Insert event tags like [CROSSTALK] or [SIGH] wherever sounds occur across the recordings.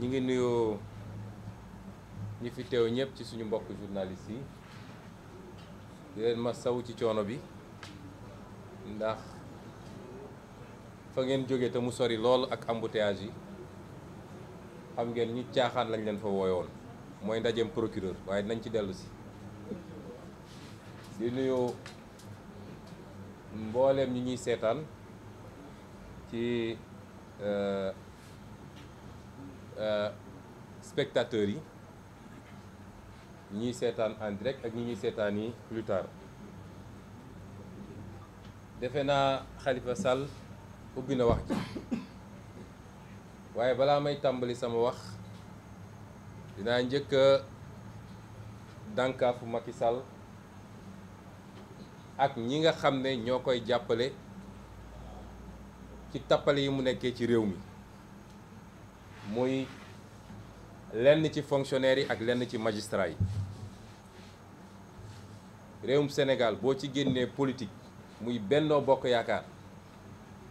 ñi ngi nuyoo ñi fi teew ñëpp ci suñu mbokk journaliste yi leen ma saw ci coono bi ndax fa ngeen jóge te mu sori lool ak embouteillage yi xam ngeen ñu caaxaan lañ leen fa wooyoon mooy ndajeem procureur waaye nañ ci dellusi si di mbooleem ñi ñuy seetaan ci euh, Euh, spectateurs yi ñiy seetaan en ak ñu ñuy seetaani yi defe naa xalifa Sall ubbi na wax ji waaye balaa may tàmbali sama wax dinaa njëkk a dànkaafu Macky Sall ak ñi nga xam ne ñoo koy jàppale ci tappale yi mu nekkee ci réew mi muy lenn ci fonctionnaires yi ak lenn ci magistrats yi réewum Sénégal boo ci génnee politique muy Benno Bokk Yaakaar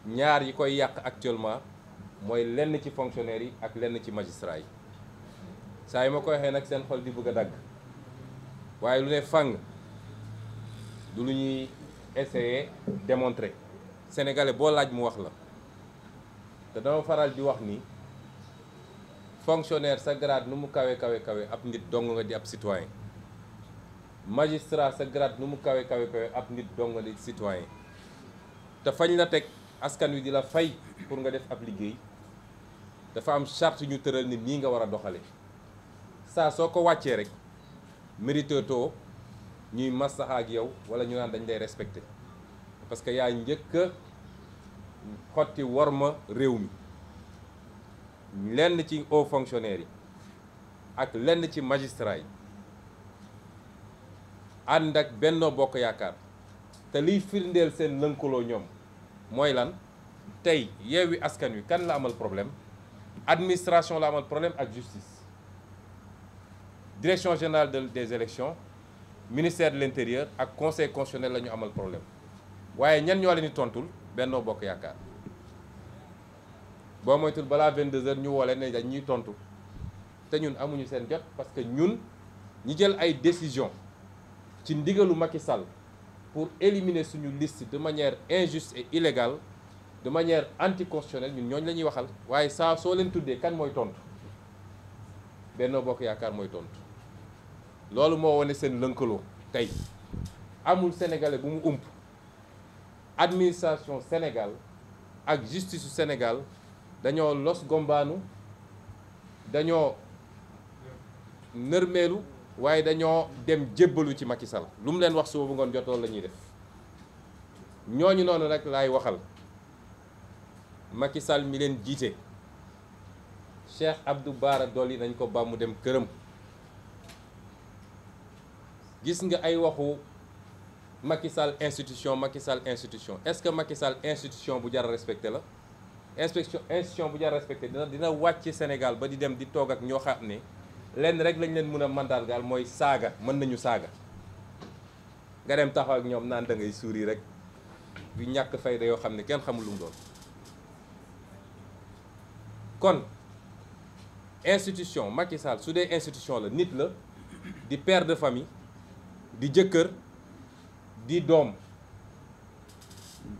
ñaar yi koy yàq actuellement mooy lenn ci fonctionnaires yi ak lenn ci magistrats yi saa yi ma ko waxee nag seen xol di bëgg a dagg waaye lu ne fàng du lu ñuy essayer démontrer sénégalais boo laaj mu wax la te dama faral di wax ni fonctionnaire sa grade nu mu kawe kawe kawe ab nit dong nga di ab citoyen magistrat sa grade nu mu kawe kawe kawe ab nit dong nga di citoyen te fañ la teg askan wi di la fay pour nga def ab liggéey dafa am charte ñu tëral nit nii nga war a doxale saa soo ko wàccee rek mérite ñuy masaxa ak yow wala ñu naan dañ lay respecté parce que yaa njëkk a xotti worma réew mi lenn ci haut fonctionnaire yi ak lenn ci magistrat yi ànd ak Benno Bokk Yaakaar te liy firndeel seen lënkaloo ñoom mooy lan tey Yewwi Askan Wi kan la amal problème administration la amal problème ak justice direction générale des élections ministère de l'intérieur ak conseil constitutionnel la ñu amal problème waaye ñan ñoo leen di tontul bennoo Bokk Yaakaar boo moytul balaa 22h ñu wole ne dañ ñuy tontu te ñun amuñu seen jot parce que ñun ñi jël ay décision ci ndigalu Macky Sall pour éliminer suñu liste de manière injuste et illégale de manière anticonstitutionnelle ñun ñooñ la ñuy waxal waaye saa soo leen tuddee kan mooy tontu Benno Bokk Yaakaar mooy tontu loolu moo wane seen lënkaloo tey amul sénégalais bu mu ump administration Sénégal ak justice su Sénégal dañoo los gombaanu dañoo nërmeelu waaye dañoo dem jébbalu ci Macky Sall lu mu leen wax suba bu ngoon jotoo lañuy def ñooñu noonu rek laay waxal Macky Sall mi leen jiite Cheikh Abdou Bara Dolly nañ ko ba mu dem këram gis nga ay waxu Macky Sall institution Macky Sall institution est-ce que Macky Sall institution bu jara a respecté la inspection institution bu jar respecté dina dina wàcc Sénégal ba di dem di toog ak ñoo xam ne lenn rek lañ leen mën a mandargaal mooy saaga mën nañu saaga nga dem taxaw ak ñoom naan da ngay suuri rek yu ñàkk fayda yoo xam ne kenn xamul lu doon kon institution Macky Sall su dee institution la nit la di père de famille di jëkkër di doom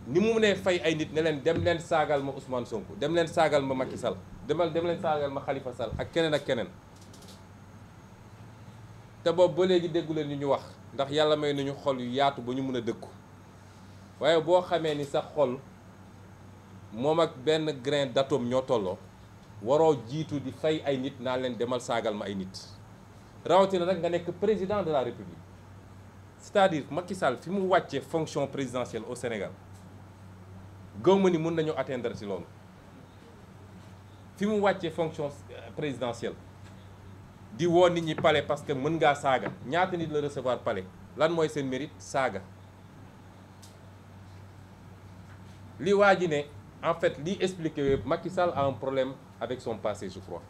ni mu nee fay ay nit ne leen dem leen saagal ma Ousmane Sonko dem leen saagal ma Macky Sall demal dem leen saagal ma Khalifa sal ak keneen ak keneen te boobu ba léegi déggu leen ni ñu wax ndax yàlla may nañu xol yu yaatu ba ñu mën a dëkku waaye boo xamee ni sa xol moom ak benn grain d'atome ñoo tolloo waroo jiitu di fay ay nit naa leen demal saagal ma ay nit rawatina nag nga nekk président de la république c'est-à-dire Macky fi mu wàccee fonction présidentielle au Sénégal gëw ma ni mun nañu atteindre ci loolu fi mu wàccee fonction euh, présidentielle di woo nit ñi palais parce que mën ngaa saaga ñaata nit la recevoir palais lan mooy seen mérite saaga li waa ji ne en fait li expliqué wee Macky Sall a un problème avec son passé je crois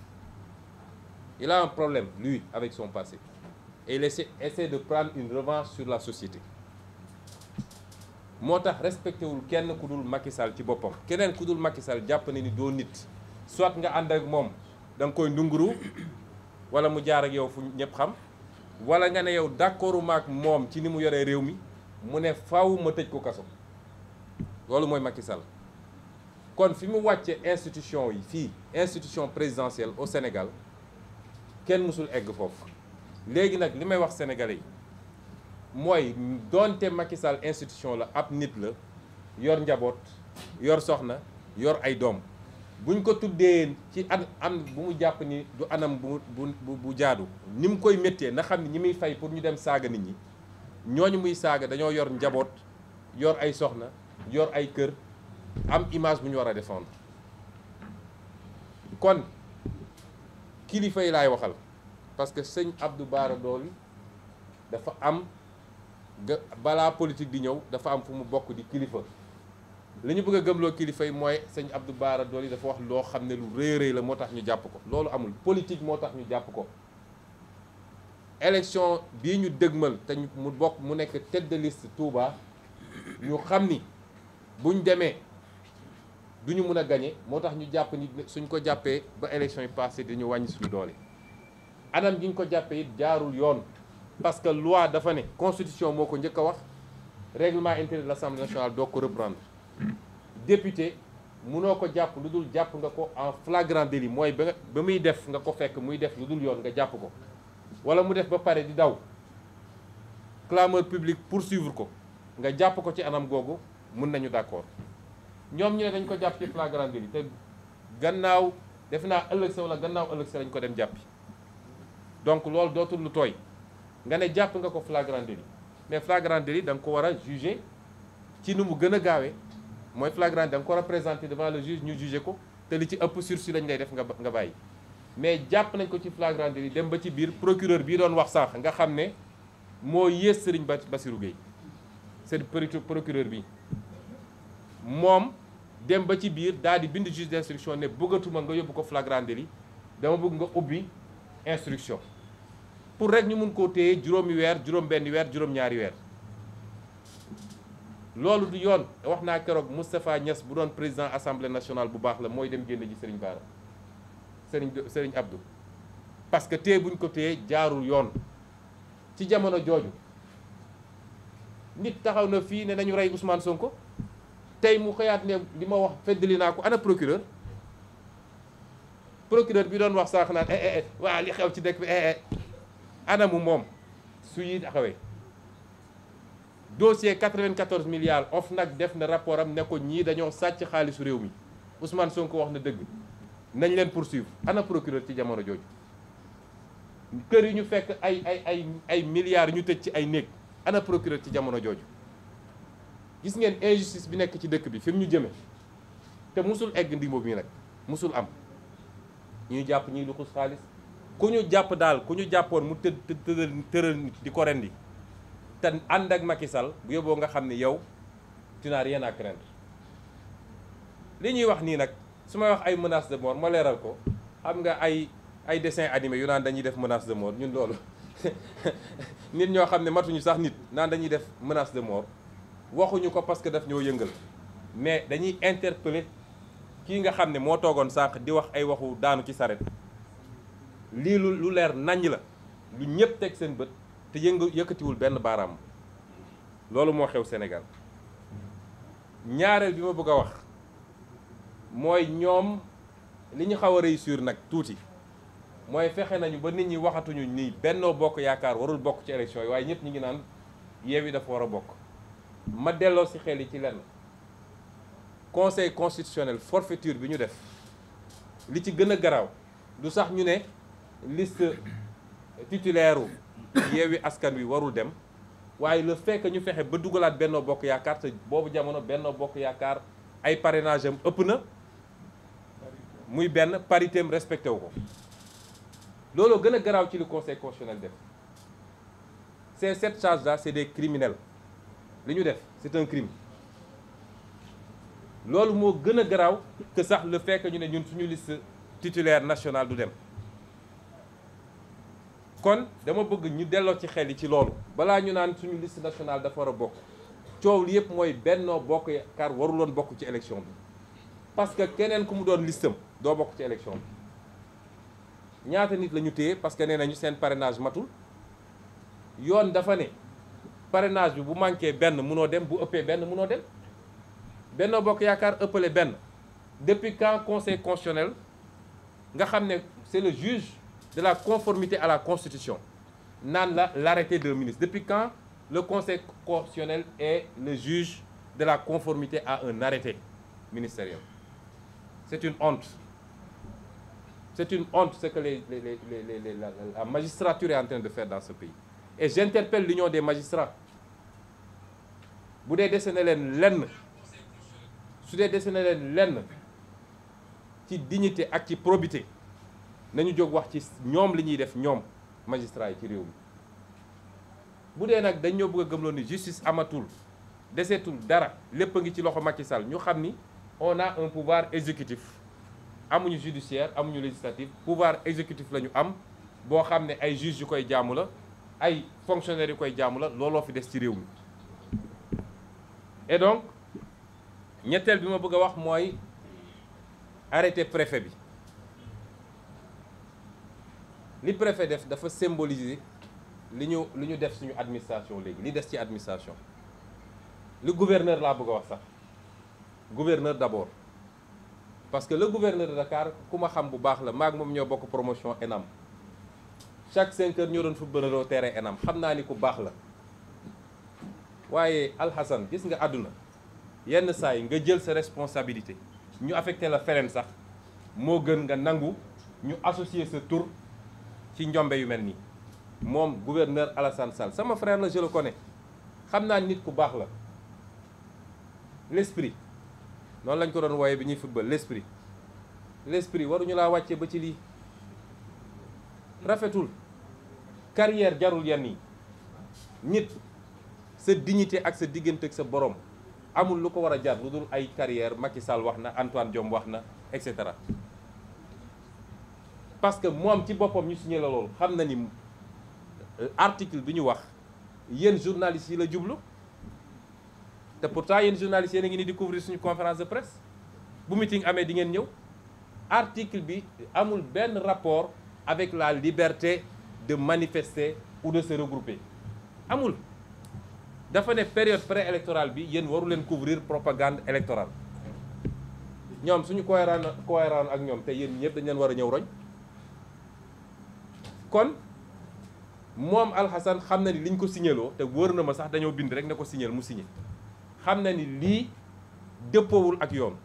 un problème lui avec son passé et essaie de prendre une revanche sur la société moo tax respecté wul kenn ku dul Macky ci boppam keneen ku dul Macky Sall jàpp na ni doo nit soit nga ànd ak moom da nga koy ndunguru wala mu jaar ak yow fu ñëpp xam wala nga ne yow d'accordu ma ak moom ci ni mu yoree réew mi mu ne faw ma tëj ko kaso loolu mooy Macky Sall kon fi mu wàcce institution fii institution présidentielle au Sénégal kenn mësul egg foofu léegi nag li may wax sénégalais yi mooy donte makisal Sall institution la ab nit la yor njaboot yor soxna yor ay doom buñ ko tuddee ci an am bu mu jàpp ni du anam bu bu bu jaadu ni mu koy méttee na xam ne ñi muy fay pour ñu dem saaga nit ñi ñooñu muy saaga dañoo yor njaboot yor ay soxna yor ay kër am image bu ñu war a défendre kon kilifa yi laay waxal parce que sëñ Abdou Bara Dolly dafa am ga balaa politique di ñëw dafa am fu mu bokk di kilifa li ñu bëgg a gëmloo kilifa yi mooy sëñ Abdou Bara Dolly dafa wax loo xam ne lu rëy rëy la moo tax ñu jàpp ko loolu amul politique moo tax ñu jàpp ko élection bii ñu dëgmal te mu bokk mu nekk tête de liste Touba ñu xam ni buñ demee duñu mën a gañe moo tax ñu jàpp ni suñ ko jàppee ba élection yi passé dañu wàññi suñu doole anam gi ñu ko jàppee it jaarul yoon parce que loi dafa ne constitution moo ko njëkk a wax réglement intérieur de l'Assemblée nationale doo ko reprendre député munoo ko jàpp lu dul jàpp nga ko en flagrant délit mooy ba ba muy def nga ko fekk muy def lu dul yoon nga jàpp ko wala mu def ba pare di daw clameur publique poursuivre ko nga jàpp ko ci anam googu mun nañu d'accord ñoom ñu ne dañ ko jàpp ci flagrant délit te gannaaw def naa ëllëg sa wala gannaaw ëllëg sa lañ ko dem jàppi donc loolu dootul lu tooy nga ne jàpp nga ko flagrant délit mais flagrant délit da nga ko war a juger ci nu mu gën a gaawee mooy flagrant da nga ko war a présenter devant le juge ñu juger ko te li ci ëpp sursis lañ lay def nga ba nga bàyyi mais jàpp nañ ko ci flagrant délit dem ba ci biir procureur bii doon wax sànq nga xam ne moo yées Serigne Bassirou Gueye c'est procureur bi moom dem ba ci biir daal di bind juge d'instruction ne bëggatuma nga yóbbu ko flagrant délit dama bëgg nga ubbi instruction pour rek ñu mun koo téye juróomi weer juróom benn weer juróom ñaari weer loolu du yoon wax naa keroog Moustapha Niass bu doon président assemblée nationale bu baax la mooy dem génn ji Serigne Bara sëriñ Serigne Abdou parce que téye buñ ko téye jaarul yoon ci jamono jooju nit taxaw na fii ne nañu rey Ousmane Sonko tey mu xëyaat ne li ma wax feddali naa ko ana procureur procureur bi doon wax sànq naan eh, eh, eh li xew ci dëkk bi eh, eh. mu moom suñuy taxawee dossier 94 milliards nag def na rapport am ne ko ñii dañoo sàcc xaalisu réew mi Ousmane Sonko wax na dëgg nañ leen pour poursuivre ana procureur ci jamono jooju kër yi ñu fekk ay ay ay ay milliards ñu tëj ci ay néeg ana procureur ci jamono jooju gis ngeen injustice bi nekk ci dëkk bi fi ñu jëme te mosul egg ndimbo bi nag musul am ñuy jàpp ñuy luxus xaalis ku ñu jàpp daal ku ñu jàppoon mu të tëral tëral nit di ko rendi te ànd ak Macky Sall bu yóbboo nga xam ne yow tu n'as ak à craindre li ñuy wax nii nag su may wax ay menace de mort ma leeral ko xam nga ay ay dessin animé yu naan dañuy def menace de mort ñun loolu [LAUGHS] nit ñoo xam ne matuñu sax nit naan dañuy def menace de mort waxuñu ko parce que daf ñoo yëngal mais dañuy interpeller kii nga xam ne moo toogoon sànq di wax ay waxu daanu ci saret lii lu lu leer naññ la lu ñëpp teg seen bët te yëngu yëkkatiwul benn baaraam loolu moo xew senegal ñaareel bi ma bëgg a wax mooy ñoom li ñu xaw a réussir nag tuuti mooy fexe nañu ba nit ñi waxatuñu ni bennoo Bokk Yaakaar warul bokk ci élection yi waaye ñëpp ñu ngi naan Yewwi dafa war a bokk ma delloo si xel yi ci lenn conseil constitutionnel forfaiture bi ñu def li ci gën a garaaw du sax ñu ne liste titulaire u Yewwi Askan Wi warul dem waaye la fekk ñu fexe ba dugalaat Benno Bokk Yaakaar te boobu jamono Benno Bokk Yaakaar ay parrainage am ëpp na muy benn parité am wu ko looloo gën a garaaw ci li conseil constitutionnel def ces sept charges là c' est des criminels li ñu def c' est un crime loolu moo gën a garaaw que sax la fait ñu ne ñun suñu list titulaire national du dem kon dama bëgg ñu delloo ci xel yi ci loolu balaa ñu naan suñu list national dafa war a bokk coow li yëpp mooy Benno Bokk Yaakaar waruloon bokk ci élection bi parce que keneen ku mu doon listam doo bokk ci élection bi ñaata nit la ñu téye parce que nee nañu seen parrainage matul yoon dafa ne parrainage bi bu manqué benn munoo dem bu ëppee benn munoo dem Benno Bokk Yaakaar ëppale benn depuis quand conseil constitutionnel nga xam ne c'est le juge de la conformité à la Constitution naan la l'arrêté d'un ministre depuis quand le conseil constitutionnel est le juge de la conformité à un arrêté ministériel c'est une honte c'est une honte ce que les, les, les, les la, la magistrature est en train de faire dans ce pays et j'interpelle l'union des magistrats bu dee dese na lenn su dee dese na lenn ci dignité ak ci probité nañu jóg wax ci ñoom li ñuy def ñoom magistrat yi ci réew mi bu dee nag dañ ñoo bëgg a gëmloo ni justice amatul desetul dara lépp a ngi ci loxo Macky Sall ñu xam ni on a un pouvoir amuñu judiciaire amuñu législatif pouvoir exécutif la ñu am boo xam ne ay juges yu koy jaamu la ay fonctionnaires yu koy jaamu la looloo fi des ci réew mi et donc ñetteel bi ma bëgg a wax mooy arrêté préfet bi li préfet def dafa symboliser li ñu li ñu def suñu administration léegi li des ci administration le gouverneur laa bëgg a wax sax gouverneur d'abord parce que le gouverneur de Dakar ku ma xam bu baax la maag moom ñoo bokk promotion ENAM chaque cinq heures ñoo doon footballeroo terrain ENAM xam naa ni ku baax la waaye alxasan gis nga àdduna yenn saa yi nga jël sa responsabilité ñu affecté la feneen sax moo gën nga nangu ñu associer sa tur ci njombe yu mel nii moom gouverneur Alassane Sall sama frère la je ko ne xam naa nit ku baax la l'esprit noonu lañ ko doon wooye bi ñuy football l'esprit l'esprit waruñu laa wàccee ba ci lii rafetul carrière jarul yenn yi nit sa dignité ak sa diggante ak sa borom amul lu ko war a jar lu dul ay carrière Macky Sall wax na Antoine Diome wax na et cetera parce que moom ci boppam ñu signé la loolu xam na ni euh, article bi ñu wax yéen journalistes yi la jublu te pourtant yéen journalistes yéen a ngi ni di couvrir suñu conférence de presse bu meeting amee di ngeen ñëw article bi amul benn rapport avec la liberté de manifester ou de se regrouper amul dafa ne période préélectorale bi yéen waru leen couvrir propagande électorale ñoom suñu cohérent cohérent ak ñoom te yéen ñëpp dañ leen war a ñëw roñ kon moom alxasan xam na ni liñ ko signéloo te wóor na ma sax dañoo bind rek ne ko signél mu signé xam na ni lii dëppoowul ak yoon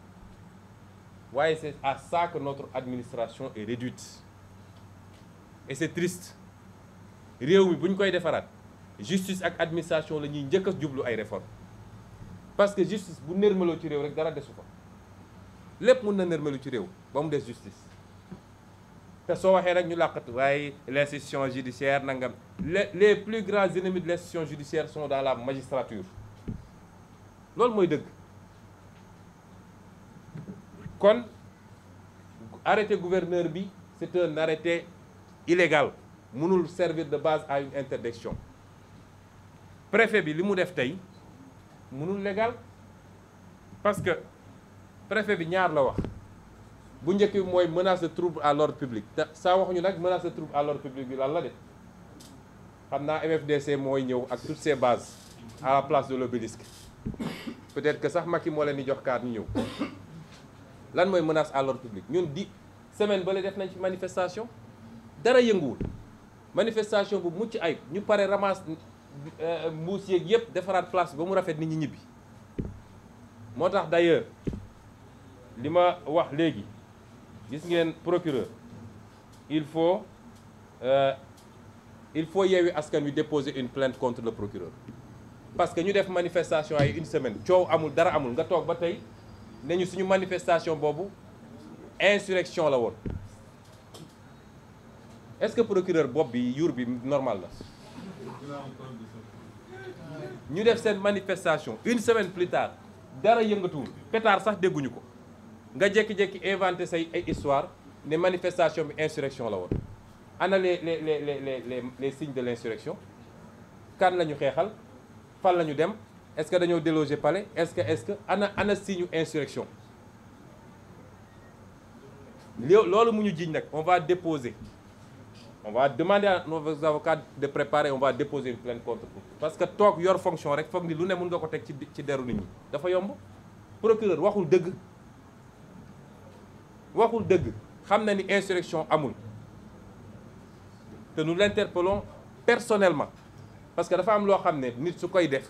waaye c'est à ça que notre administration est réduite et c'est triste réew mi bu ñu koy defaraat justice ak administration la ñuy njëkk jublu ay réformes parce que justice bu nërmeloo ci réew rek dara desu ko lépp mun na nërmelu ci réew ba mu des justice te soo waxee rek ñu làqatu waaye l' institution judiciaire nangam les les plus grands ennemis de l' institution judiciaire sont dans la magistrature loolu mooy dëgg kon arrêté gouverneur bi c' est un arrêté illégal mënul servir de base à une interdiction préfet bi li mu def tey mënul légal parce que préfet bi ñaar la wax bu njëkk mooy menace de trouble à l'ordre public te saa waxuñu nag menace de trouble à l'ordre public bi lan la de xam naa MFDC mooy ñëw ak toutes ses bases a la place de l'obélisque peut-être que sax Macky moo leen di jox kaat ñu ñëw lan mooy menace à l'ordre public ñun di semaine ba la def nañ ci manifestation dara yënguwul manifestation bu mucc ay ñu pare ramasse euh, mbuus yeeg yëpp defaraat place ba mu rafet nit ñi ñibbi moo tax d'ailleurs li ma wax léegi gis ngeen procureur il faut euh, il faut Yewwi Askan Wi déposer une plainte contre le procureur parce que ñu def manifestation ay une semaine coow amul dara amul nga toog ba tey nañu suñu manifestation boobu insurrection la woon est-ce que procureur bopp bi yur bi normal la ñu def seen manifestation une semaine plus tard dara yëngatuwul pétard sax dégguñu ko nga jékki-jékki inventé say ay histoire ne manifestation bi insurrection la woon ana les les les les les les signes de l'insurrection kan la ñu xeexal fan la ñu dem est-ce que dañoo déloger pale est-ce que est-ce que ana ana signe insurrection loolu mu ñu jiiñ nag on va déposer on va demander à nos avocats de préparer on va déposer une plainte contre parce que toog yor fonction rek foog ni lu ne mun nga ko teg ci ci deru nit ñi dafa yomb procureur waxul dëgg waxul dëgg xam na ni insurrection amul te nous l'interpellons personnellement parce que dafa am loo xam ne nit su koy def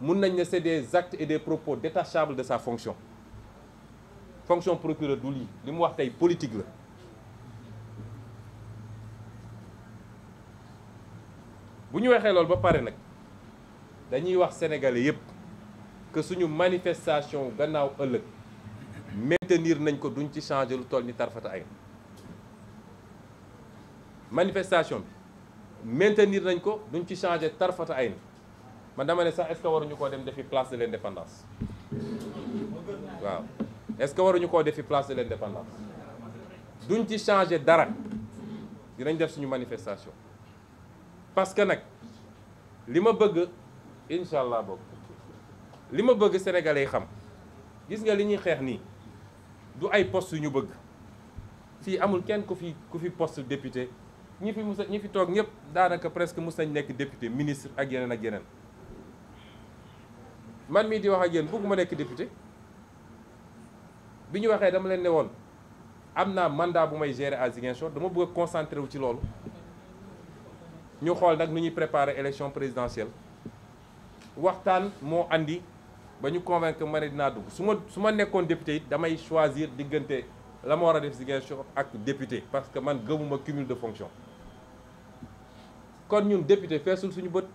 mun nañ la c'est des actes et des propos détachables de sa fonction fonction procureur du lii li mu wax tey politique la bu ñu waxee loolu ba pare nag dañuy wax sénégalais yépp que suñu manifestation gannaaw ëllëg maintenir nañ ko duñ ci changer lu toll ni tarfata ay manifestation bi maintenir nañ ko duñ ci changer tarfata ay man dama ne sax est waruñu koo dem defi place de l'indépendance waaw est-ce que waruñu koo defi place de l'indépendance duñ ci changer dara dinañ def suñu manifestation parce que nag li ma bëgg incha allah boobu li ma bëgg sénégalais xam gis nga li ñuy xeex nii. du ay poste yu ñu bëgg fii amul kenn ku fi ku fi poste député ñi fi musa ñi fi toog ñëpp daanaka presque mus nañ nekk député ministre ak yeneen ak yeneen man mii di wax ak yéen bëgguma nekk député bi ñu waxee dama leen ne woon am naa mandat bu may gérer à Ziguinchor dama bëgg a wu ci loolu ñu xool nag nu ñuy préparer élection présidentielle waxtaan moo andi ba ñu convaincre ma ne dinaa dugg su ma su ma nekkoon député it damay choisir diggante la ma war a def Ziguinchor ak député parce que man gëmuma cumul de fonction kon ñun député feesul suñu bët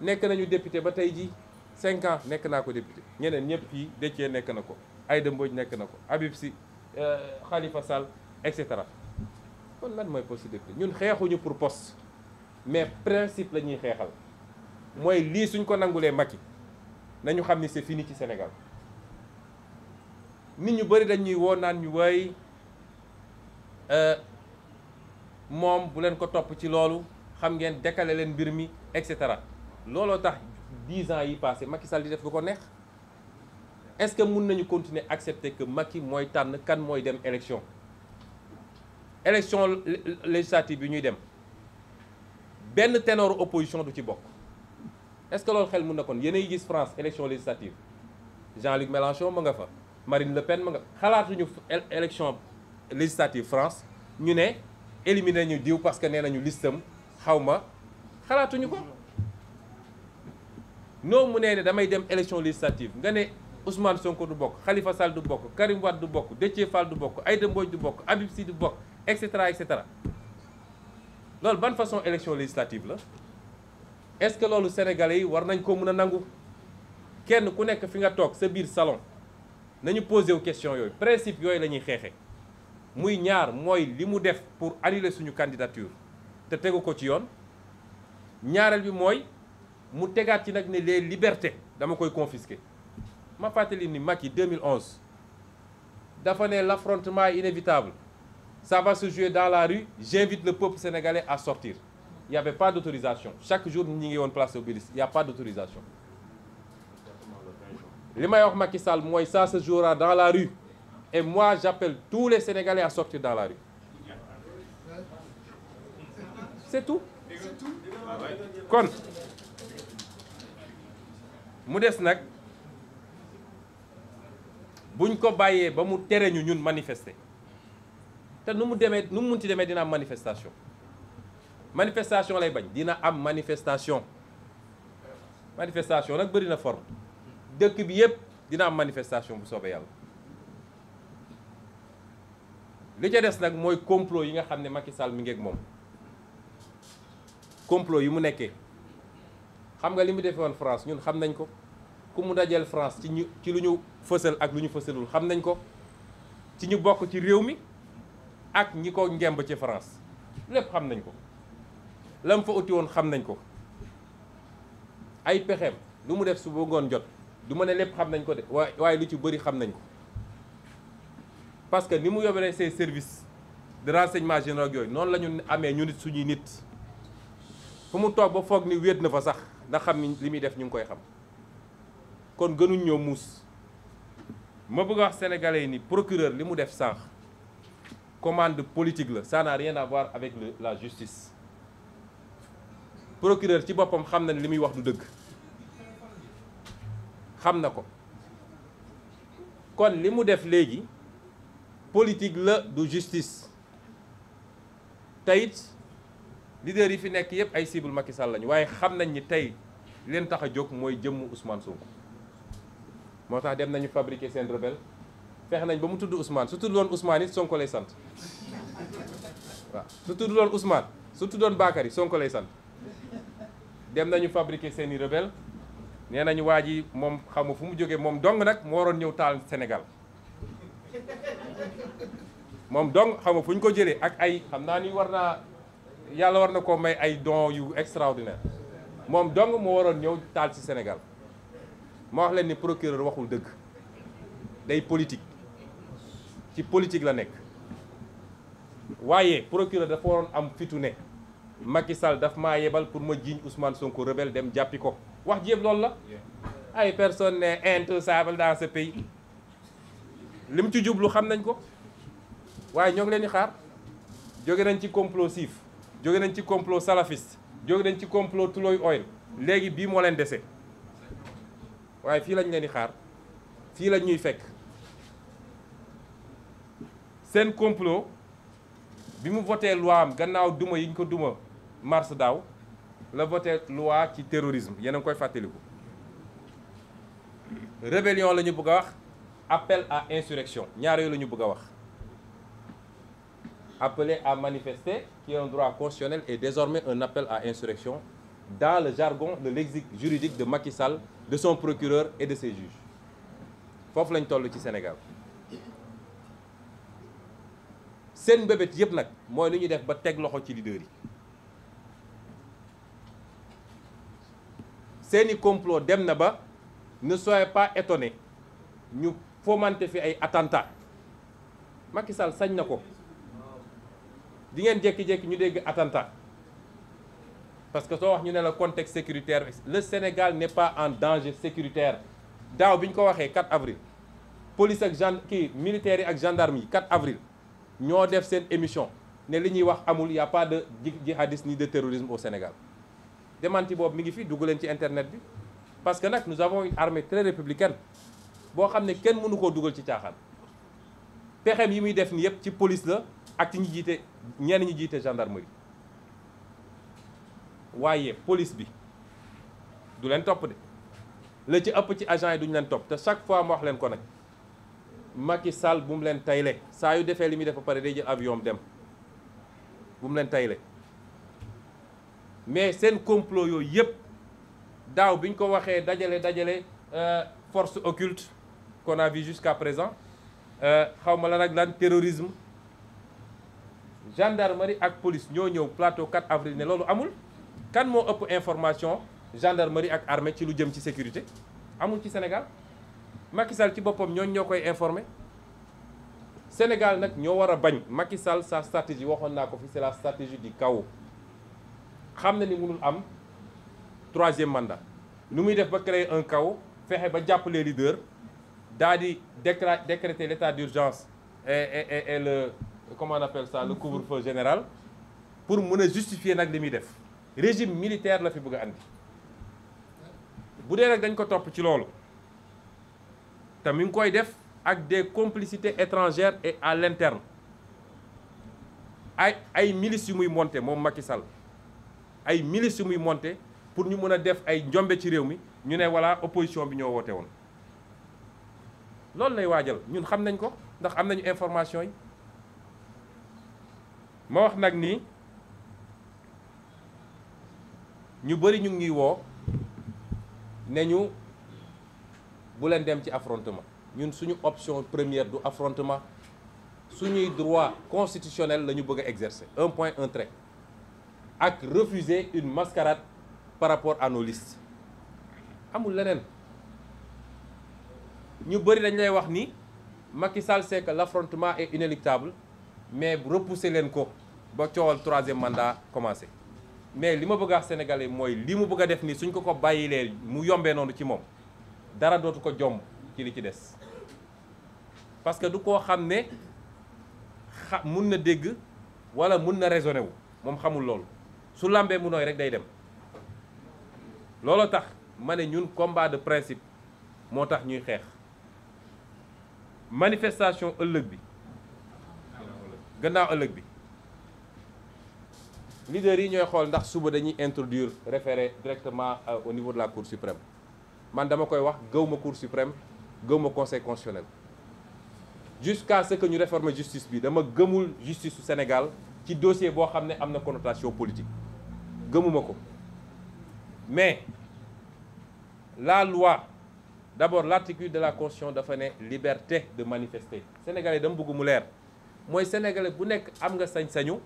nekk nañu député ba tey ji cinq ans nekk naa ko député ñeneen ñëpp fii Déthié nekk na ko ay Aïda Mbodj nekk na ko Habib Sy euh, Khalifa Sall et cetera kon lan mooy poste député ñun xeexuñu pour poste mais principe la ñuy xeexal mooy lii suñ ko nangulee Macky nañu xam ni c'est fini ci Sénégal nit ñu bëri dañuy woo naan ñu waay euh, moom bu leen ko topp ci loolu xam ngeen décaler leen mbir mi et cetera looloo tax dix ans yi passé Macky Sall di def lu ko neex est-ce que mun nañu continuer accepter que Macky mooy tànn kan mooy dem élection élection législative bi ñuy dem benn ténor opposition du ci bokk est-ce que loolu xel mun na kon yéen ay gis France élection législative Jean-Luc Mélenchon ma nga fa Marine Le Pen ma nga xalaatuñu élection législative France ñu ne éliminer ñu diw parce que nee nañu listam xaw ma xalaatuñu ko noo mu nee ne damay dem élection législative nga ne Ousmane Sonko du bokk xalifa Sall du bokk Karim du bokk Déthié Fall du bokk Aïda Mbodj du bokk Habib Sy du bokk et cetera et cetera loolu ban façon élection législative la est-ce que loolu sénégalais yi war nañ ko mën a nangu kenn ku nekk fi nga toog sa biir salon nañu posé wu question yooyu principe yooyu la ñuy xeexe muy ñaar mooy li mu def pour annuler suñu candidature te tegu ko ci yoon ñaareel bi mooy mu tegaat ci nag ne les libertés dama koy confisquer ma fàttali ni Macky 2011 dafa ne l'affrontement est inévitable ça va se jouer dans la rue j'invite le peuple sénégalais à sortir il n'y avait pas d'autorisation chaque jour ñu ngi woon place Obélisque il n'y pas d'autorisation li may wax Macky mooy ça se jouera dans la rue et moi j'appelle tous les Sénégalais à sortir dans la rue c'est tout kon mu des nag buñ ko bàyyee ba mu tere ñu ñun manifester te nu mu demee nu mu munti demee dina am manifestation manifestation lay bañ dina am manifestation manifestation nag bëri na forme dëkk bi yëpp dina am manifestation bu soobee yàlla li ca des nag mooy complot yi nga xam ne Macky mi ngeeg moom complot yi mu nekkee xam nga li mu defee woon France ñun xam nañ ko ku mu dajeel France ci ñu ci lu ñu fësal ak lu ñu fësalul xam nañ ko ci ñu bokk ci réew mi ak ñi ko ngemb ci France lépp xam nañ ko lam fa uti woon xam nañ ko ay pexeem lu mu def su bëggoon jot du ma ne lépp xam nañ ko de waaye lu ci bëri xam nañ ko parce que ni mu yóbbee ses services de renseignement général yooyu noonu la ñu amee ñu nit suñuy nit fu mu toog ba foog ni wéet na fa sax ndax xam ni li muy def ñu ngi koy xam kon gënuñ ñoo muus ma bëgg wax sénégalais yi ni procureur li mu def sànq commande politique la ça n'a rien à avec la justice procureur ci boppam xam na ne li muy wax du dëgg xam na ko kon li mu def léegi politique la du justice tey it leader yi fi nekk yépp ay cible Macky Sall lañu waaye xam nañ ni tey leen tax a jóg mooy jëmm Ousmane Sonko moo tax dem nañu fabriquer seen rebelle fex nañ ba mu tudd Ousmane su tuddoon usmaan it Sonko lay sant waaw su tuddoon Ousmane su tuddoon yi Sonko lay sant dem nañu fabriquer seen i rebelle nee nañu waa ji moom xamu fu mu jógee moom dong nag moo waroon ñëw taal Sénégal moom dong xamu fu ñu ko jëlee ak ay xam naa ni war naa yàlla war na koo may ay don yu extraordinaire moom dong moo waroon ñëw taal ci Sénégal ma wax leen ni procureur waxul dëgg day politique ci politique la nekk waaye procureur dafa waroon am fitu ne Macky Sall daf maa yebal pour ma jiiñ Ousmane Sonko rebelle dem jàppi ko wax ji yëpp loolu la ay personne n'est intouchable dans ce pays li mu ci jublu xam nañ ko waaye ñoo ngi leen di xaar jóge nañ ci complot siif jóge nañ ci complot salafiste jóge nañ ci complot tuloy oil léegi bii moo leen dese waaye fii lañ leen di xaar fii lañ ñuy fekk seen complot bi mu voté loi am gannaaw duma yi ñu ko duma mars daaw la voté loi ci terrorisme yéen a ngi koy fàttaliku rébellion la ñu bëgg a wax appel à insurrection ñaar yooyu la ñu bëgg a wax appeler à manifester qui est un droit constitutionnel et désormais un appel à insurrection dans le jargon de lexique juridique de Macky Sall de son procureur et de ses juges foofu lañ toll ci Sénégal seen mbébét yëpp nag mooy lu ñuy def ba teg loxo ci leader yi seeni complot dem na ba ne soyez pas étonnés ñu fomante fi ay attentat Macky Sall sañ na ko di ngeen jékki ñu dégg attentat parce que soo wax ñu ne la contexte sécuritaire le Sénégal n'est pas en danger sécuritaire daaw bi ñu ko waxee 4 avril police ak gen kii militaire yi ak gendarme yi 4 avril ñoo def seen émission ne li ñuy wax amul y a pas de jihadisme ni de terrorisme au Sénégal démenti boobu mi ngi fi dugg leen ci internet bi parce que nag nous avons une armée très républicaine boo xam ne kenn mënu koo dugal ci caaxaan pexeem yi muy def ni yëpp ci police la ak ci ñi jiite ñenn ñi jiite gendarmerie waaye police bi du leen topp de la ci ëpp ci agent yi duñu leen topp te chaque fois ma wax leen ko nag Macky Sall bu mu leen tayle saa yu defee li muy def ba pare day jël avion dem bu mu leen tayle mais seen complot yooyu yëpp daaw bi ñu ko waxee dajale dajale euh, force occulte qu'on a vu jusqu'à présent euh, xawma la lan daan lan terrorisme gendarmerie ak police ñoo ñëw plateau 4 avril ne loolu amul kan moo ëpp information gendarmerie ak armée ci lu jëm ci sécurité amul ci Sénégal Macky ci boppam ñooñ ñoo koy informé Sénégal nag ñoo war a bañ Macky Sall sa stratégie waxoon naa ko fi c'est la stratégie du kaw xam na ni mënul am troisième mandat nu muy def ba créer un chaos fexe ba jàppale leader daal di décra décréter l'état d'urgence et et et le comment on appelle ça le couvre-feu général pour mun a justifier nag li muy def régime militaire la fi bëgg a andi bu dee nag dañ ko topp ci loolu te mi ngi koy def ak des complicités étrangères et à l'interne ay ay milices yu muy monter moom Macky sal ay milices yu muy monté pour ñu mën a def ay njombe ci réew mi ñu ne voilà opposition bi ñoo woote woon loolu lay waajal ñun xam nañ ko ndax am nañu information yi ma wax nag ni ñu bëri ñu ngi woo nee ñu bu leen dem ci affrontement ñun suñu option première du affrontement suñuy droit constitutionnel la ñu bëgg a un point un ak refuser une mascarade par rapport à nos amul leneen ñu bëri dañ lay wax ni Macky Sall sait que l'affrontement est inéluctable mais repousser leen ko ba coowal troisième mandat commencé mais li ma bëgg a wax mooy li mu bëgg a def nii suñ ko ko bàyyilee mu yombee noonu ci moom dara dootu ko jomb ci li ci des parce que du koo xam ne xa mun na dégg wala mun na raisonné wu moom xamul loolu su lambee mu nooy rek day dem looloo tax ma ne ñun combat de principe moo tax ñuy xeex manifestation ëllëg bi gannaaw ëllëg bi leaders yi ñooy xool ndax suba dañuy introduire référé directement euh, au niveau de la cour suprême man dama koy wax gëwma cour suprême gëwma conseil constitutionnel jusqu'à ce que ñu réformer justice bi dama gëmul justice su Sénégal ci dossier boo xam ne am na connotation politique gëmuma ko mais la loi d'abord l'article de la constitution dafa ne liberté de manifester sénégalais dama bëgg mu leer mooy sénégalais bu nekk am nga sañ-sañu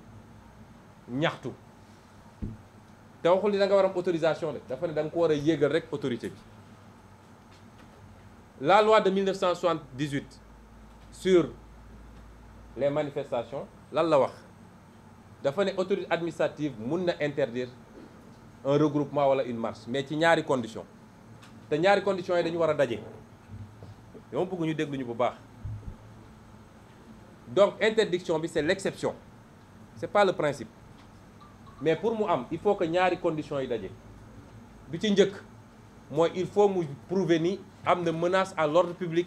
ñaxtu te waxul ni da nga war autorisation de dafa ne da nga ko war a yéegal rek autorité bi la loi de 1978 sur les manifestations lan la wax dafa ne autorité administrative mun na interdire un regroupement wala une marche mais ci ñaari condition te ñaari conditions yi dañu war a daje dama bëgg ñu déglu bu baax donc interdiction bi c'est l'exception c'est par le principe mais pour mu am il faut que ñaari conditions yi daje bi ci njëkk mooy il faut mu prouver ni am na menace à l'ordre public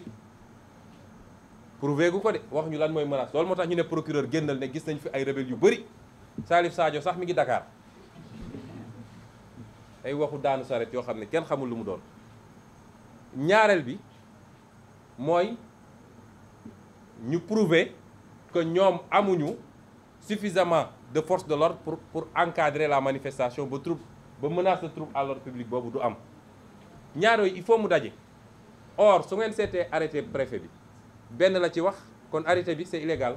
prouver gu ko de wax ñu lan mooy menace loolu moo tax ñu ne procureur génnal ne gis nañ fi ay rebelles yu bari Salif Sadio sax mi ngi dakaar ay waxu daanu saret yoo xam ne kenn xamul lu mu doon ñaareel bi mooy ñu prouver que ñoom amuñu suffisamment de force de l'ordre pour pour encadrer la manifestation ba trouble ba menace de trouble à l'ordre public boobu du am ñaar yooyu il faut mu daje or su ngeen seetee arrêté préfet bi benn la ci wax kon arrêté bi c'est illégal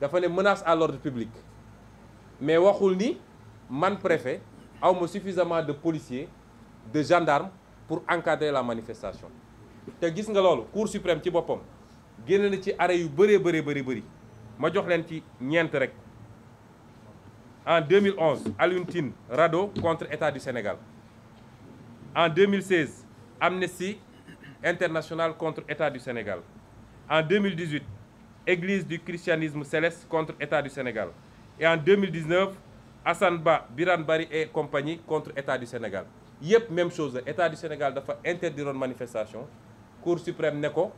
dafa ne menace à l'ordre public mais waxul ni man préfet aw ma suffisamment de policiers de gendarmes pour encadrer la manifestation te gis nga loolu cour suprême ci boppam génn na ci arrêt yu bëree bëri bëri bëri ma jox leen ci ñeent rek en 2011 Alioune Tine Rado contre État du Sénégal en 2016 Amnesty International contre État du Sénégal en 2018 Église du christianisme céleste contre État du Sénégal et en 2019 Assane Ba biran Bari et compagnie contre État du Sénégal yëpp même chose la État du Sénégal dafa interdiroon manifestation Cour suprême ne ko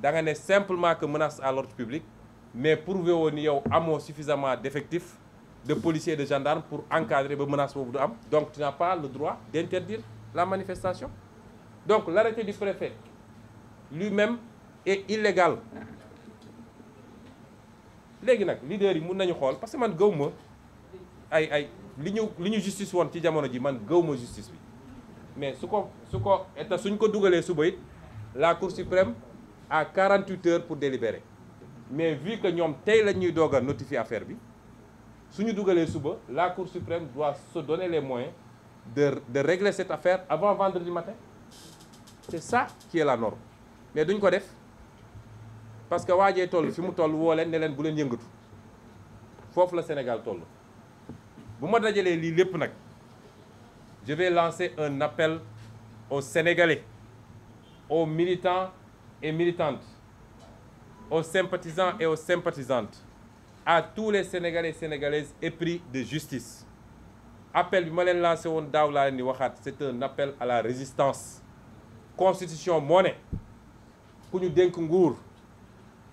da nga ne simplement que menace à l'ordre public mais prouvé woo ni yow amoo suffisamment défectif de policier et de gendarmes pour encadrer ba menace boobu du am donc tu n'as pas le droit d'interdire la manifestation donc l'arrêté du préfet lui-même est illégal léegi nag leader yi mun nañu xool parce que man gëw ma ay ay li ñu li ñu justice woon ci jamono ji man gëw ma justice bi mais su ko su ko état suñ ko dugalee suba it la cour suprême a 48 heures pour délibérer mais vie que ñoom tey la ñuy doog a notifier affaire bi suñu dugalee suba la cour suprême doit se donner les moyens de de régler cette affaire avant vendredi matin c'est ça qui est la norme mais duñ ko def parce que waajee toll fi mu toll woo leen ne leen bu leen yëngatu foofu la Sénégal toll bu ma dajalee lii lépp nag je vais lancer un appel au Sénégalais au militants et militantes aux sympathisants et aux sympathisantes à tous les Sénégalais et Sénégalaises épris de justice appel bi ma leen lancé woon daaw laa leen di waxaat c'est un appel à la résistance constitution moo ne ku ñu dénk nguur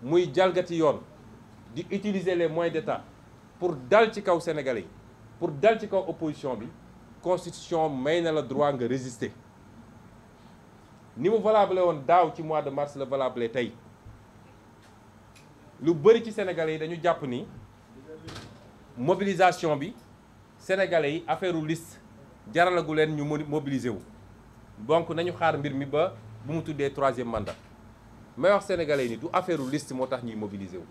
muy jalgati yoon di utiliser les moyens d'État pour dal ci kaw Sénégalais yi pour dal ci kaw opposition bi constitution may na la droit nga résister ni mu valable woon daaw ci mois de mars la valable tey lu bëri ci sénégalais yi dañu jàpp ni mobilisation bi sénégalais yi affaire u jaralagu leen ñu mobiliser wu donc nañu xaar mbir mi ba bu mu tuddee troisième mandat may wax sénégalais ni du affaire liste moo tax ñuy mobiliser wu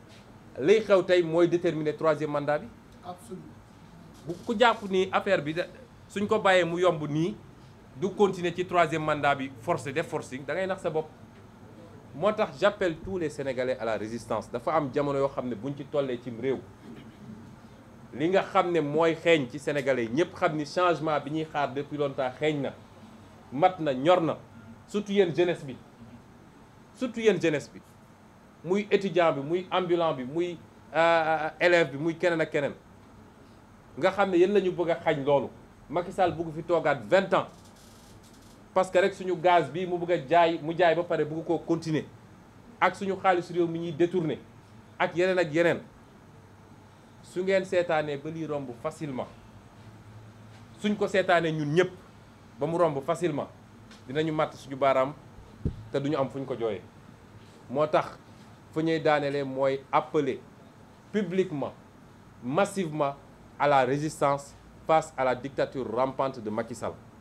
lay xew tey mooy déterminer troisième mandat bi. bu ku jàpp nii affaire bi suñ ko bàyyee mu yomb nii du continuer ci troisième mandat bi forcé def forcing da ngay nax sa bopp. moo tax j'appelle tous les sénégalais à la résistance dafa am jamono yoo xam ne buñ ci tollee cim réew li nga xam ne mooy xeeñ ci sénégalais ñëpp xam ni changement bi ñuy xaar depuis longtemps xeeñ na mat na ñor na surtout yéen jeunesse bi. surtout yéen jeunesse bi muy étudiant bi muy ambulant bi muy euh, euh, élève bi muy keneen ak keneen nga xam ne yéen lañu bëgg a xañ loolu Macky Sall bugg fi toogaat vingt ans parce que rek suñu gaz bi mu bëgg jaay mu jaay ba pare bugg koo continuer ak suñu xaalis réew mi ñuy détourner ak yeneen ak yeneen su ngeen seetaanee ba liy romb facilement suñ ko seetaanee ñun ñëpp ba mu romb facilement dinañu matt suñu baaraam te duñu am fu ñu ko jooyee moo tax fu ñuy daanelee mooy appeler publiquement massivement à la résistance face à la dictature rampante de Macky Sall